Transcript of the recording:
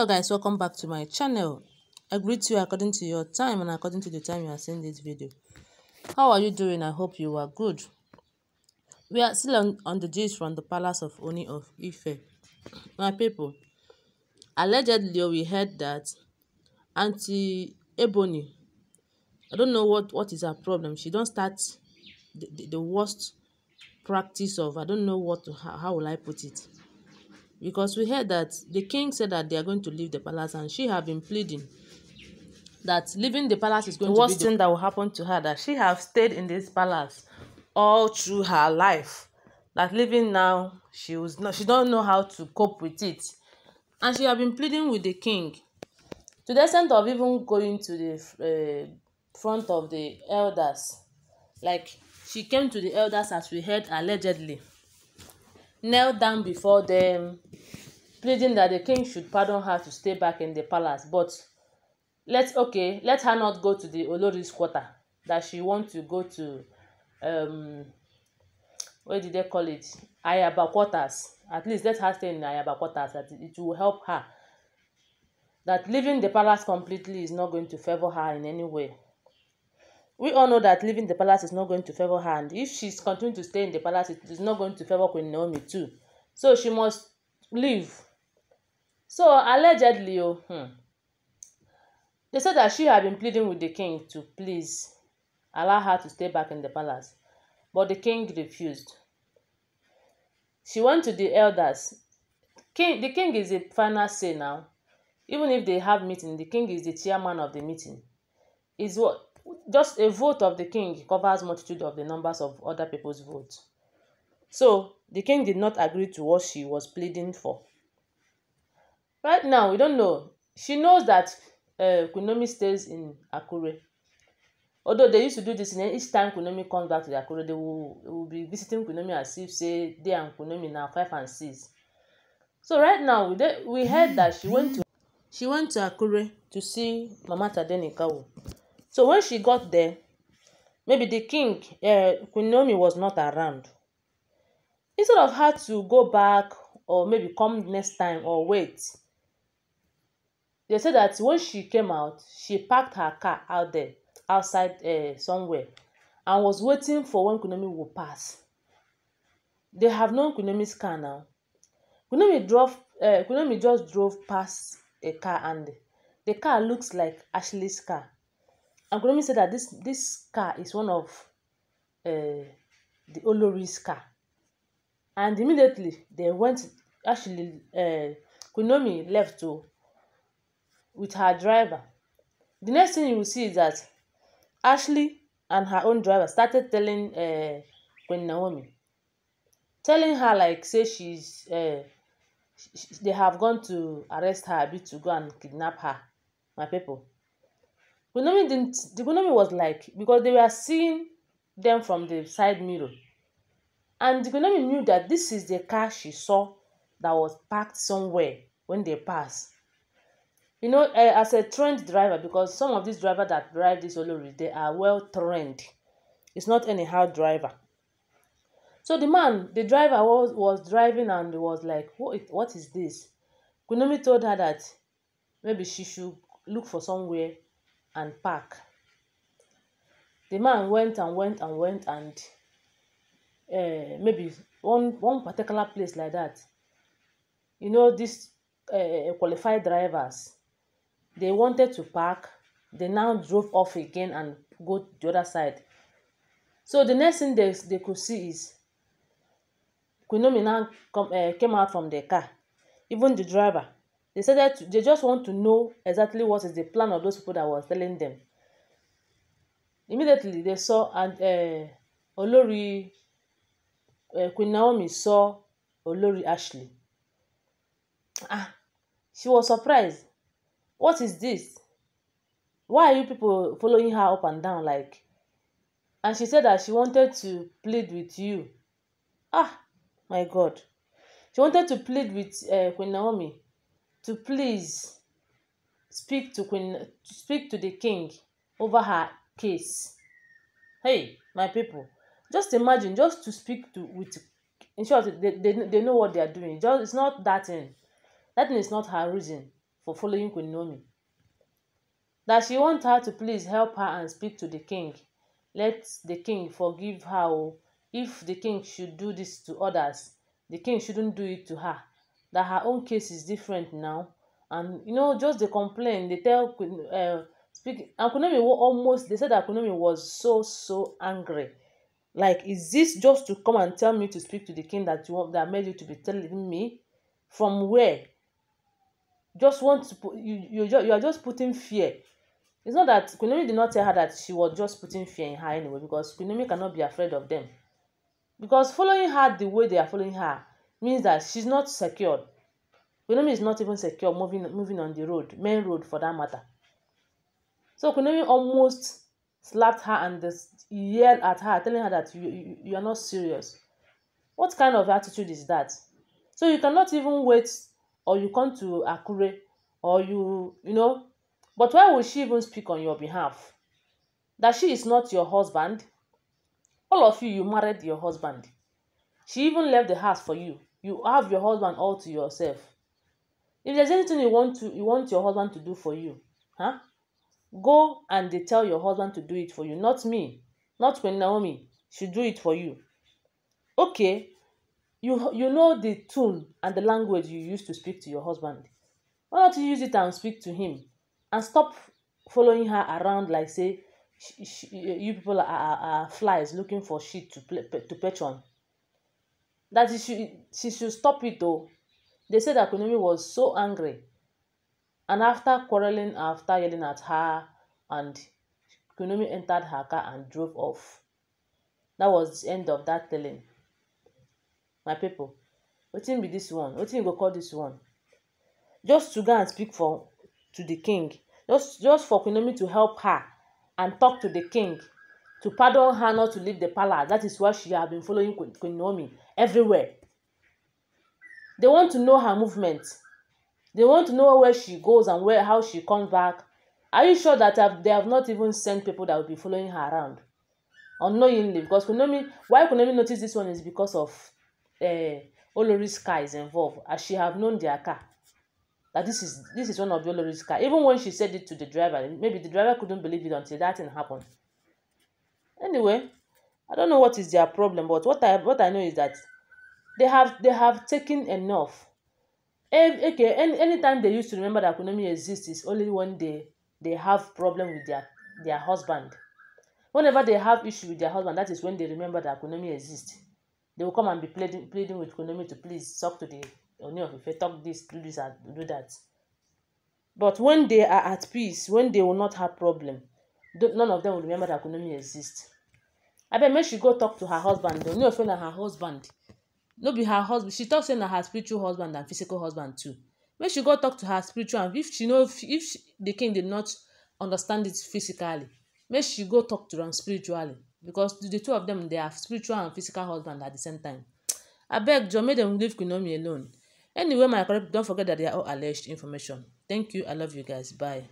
hello guys welcome back to my channel i greet you according to your time and according to the time you are seeing this video how are you doing i hope you are good we are still on, on the gist from the palace of oni of ife my people allegedly we heard that auntie ebony i don't know what what is her problem she don't start the, the, the worst practice of i don't know what how, how will i put it because we heard that the king said that they are going to leave the palace and she have been pleading that leaving the palace is going the to be the worst thing that will happen to her that she have stayed in this palace all through her life that living now she was not she don't know how to cope with it and she have been pleading with the king to the extent of even going to the uh, front of the elders like she came to the elders as we heard allegedly knelt down before them, pleading that the king should pardon her to stay back in the palace. But let okay, let her not go to the Olori's quarter. That she want to go to um what did they call it? Ayaba quarters. At least let her stay in Ayaba quarters. That it will help her. That leaving the palace completely is not going to favor her in any way. We all know that leaving the palace is not going to favor her. And if she's continuing to stay in the palace, it is not going to favor Queen Naomi too. So she must leave. So allegedly, oh, hmm, they said that she had been pleading with the king to please allow her to stay back in the palace. But the king refused. She went to the elders. King, the king is the final say now. Even if they have meeting, the king is the chairman of the meeting. Is what just a vote of the king covers multitude of the numbers of other people's votes. So the king did not agree to what she was pleading for. Right now, we don't know. She knows that uh, eh, Kunomi stays in Akure. Although they used to do this, and each time Kunomi comes back to Akure, they will, they will be visiting Kunomi as if say they and Kunomi now five and six. So right now, we, de- we heard that she went to she went to Akure to see Mama Tadenikawo. So when she got there, maybe the king, uh, Queen Naomi was not around. Instead of her to go back or maybe come next time or wait, they said that when she came out, she parked her car out there, outside uh, somewhere, and was waiting for when Queen Naomi would pass. They have known Queen car now. Queen drove. Uh, Queen just drove past a car and the car looks like Ashley's car Uncle said that this this car is one of uh, the Olori's car, and immediately they went. Actually, uh, Kunomi left to oh, with her driver. The next thing you will see is that Ashley and her own driver started telling uh, Queen Naomi, telling her like say she's uh, she, they have gone to arrest her a bit to go and kidnap her, my people. Kunomi didn't the Kunomi was like because they were seeing them from the side mirror. And the Kunomi knew that this is the car she saw that was parked somewhere when they passed. You know, uh, as a trained driver, because some of these drivers that drive this Olori, they are well trained. It's not anyhow driver. So the man, the driver was, was driving and was like, what, what is this? Kunomi told her that maybe she should look for somewhere and pack. The man went and went and went and uh, maybe one one particular place like that. You know, these uh, qualified drivers, they wanted to park. They now drove off again and go to the other side. So the next thing they, they could see is Kunomi now come, uh, came out from the car. Even the driver they said that they just want to know exactly what is the plan of those people that was telling them immediately they saw and uh, eh, olori uh, eh, Queen Naomi saw olori Ashley ah she was surprised what is this why are you people following her up and down like and she said that she wanted to plead with you ah my God she wanted to plead with uh, Queen Naomi to please speak to Queen, speak to the king over her case. Hey, my people, just imagine just to speak to with. In short, they, they, they know what they are doing. Just it's not that thing. That thing is not her reason for following Queen Nomi. That she wants her to please help her and speak to the king. Let the king forgive her. Oh. If the king should do this to others, the king shouldn't do it to her. that her own case is different now and you know just dey complain dey tell queen uh, speak akunomi almost dey say that akunomi was so so angry like is this just to come and tell me to speak to the king that you want that made you to be telling me from where just want to put you you just you are just putting fear it's not that kunomi did not tell her that she was just putting fear in her anyway because kunomi cannot be afraid of them because following her the way they are following her means that she's not secured Kunemi is not even secure moving moving on the road main road for that matter so Kunemi almost slapped her and yelled at her telling her that you, you you are not serious what kind of attitude is that so you cannot even wait or you come to Akure or you you know but why would she even speak on your behalf that she is not your husband all of you you married your husband she even left the house for you you have your husband all to yourself if there's anything you want to you want your husband to do for you huh go and they tell your husband to do it for you not me not when naomi she do it for you okay you you know the tune and the language you use to speak to your husband why not you use it and speak to him and stop following her around like say she, she, you people are, are, are flies looking for shit to play, to perch on that she should she should stop it though. they said that Kunimi was so angry and after quarreling after yelling at her and Kunimi entered her car and drove off that was the end of that telling my people what wetin be this one wetin you go call this one just to go and speak for to the king just just for Queen to help her and talk to the king to pardon her not to leave the palace that is why she had been following Queen Naomi everywhere they want to know her movement they want to know where she goes and where how she come back are you sure that have, they have not even sent people that will be following her around unknowingly because kunomi why kunomi notice this one is because of uh, eh, olori's car is involved as she have known their car that this is this is one of olori's car even when she said it to the driver maybe the driver couldn't believe it until that thing happened anyway I don't know what is their problem, but what I what I know is that they have they have taken enough. okay, any anytime they used to remember that economy exists is only when they they have problem with their their husband. Whenever they have issue with their husband, that is when they remember that economy exists. They will come and be pleading, pleading with economy to please talk to the Oni of Ife, talk this, do this, and do that. But when they are at peace, when they will not have problem, none of them will remember that economy exists. abeg make she go talk to her husband o no offend na her husband no be her husband she talk say na her spiritual husband and physical husband too make she go talk to her spiritual and if she no if she, the king dey not understand it physically make she go talk to am spiritually because the, two of them they are spiritual and physical husband at the same time abeg john make dem leave quinomi alone anyway my correct don forget that they are all alleged information thank you i love you guys bye.